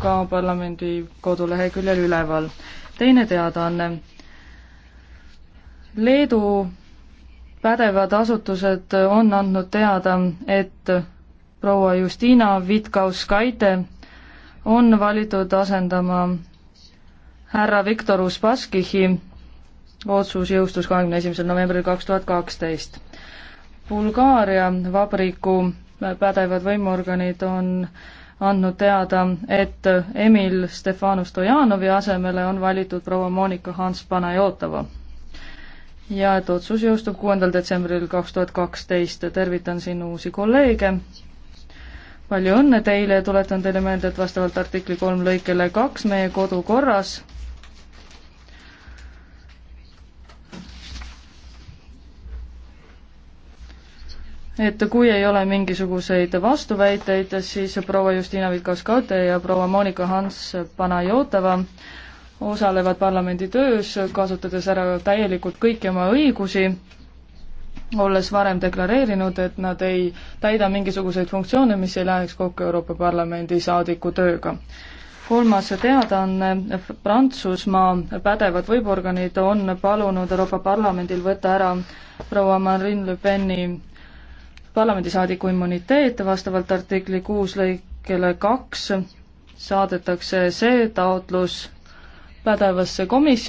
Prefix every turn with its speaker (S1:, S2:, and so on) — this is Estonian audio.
S1: ka parlamendi koduleheküljel üleval. teine teadaanne. Leedu pädevad asutused on andnud teada, et proua Justina Vitkaus-Kaite on valitud asendama härra Viktor Uspaskihi, otsus jõustus kahekümne esimesel novembril kaks tuhat kaksteist. Bulgaaria vabriku pädevad võimuorganid on andnud teada, et Emil Stefano Stojanovi asemele on valitud proua Monika Hans Panajotova. ja et otsus jõustub kuuendal detsembril kaks tuhat kaksteist. tervitan siin uusi kolleege. palju õnne teile ja tuletan teile meelde, et vastavalt artikli kolm lõikele kaks meie kodukorras et kui ei ole mingisuguseid vastuväiteid, siis proua Justina Vitkovskaite ja proua Monika Hans Panajotova osalevad parlamendi töös, kasutades ära täielikult kõiki oma õigusi, olles varem deklareerinud, et nad ei täida mingisuguseid funktsioone, mis ei läheks kokku Euroopa Parlamendi saadiku tööga. kolmas teadaanne, Prantsusmaa pädevad võimuorganid on palunud Euroopa Parlamendil võtta ära proua Marine Le Peni parlamendisaadiku immuniteet vastavalt artikli kuus lõikele kaks saadetakse see taotlus pädevasse komisjoni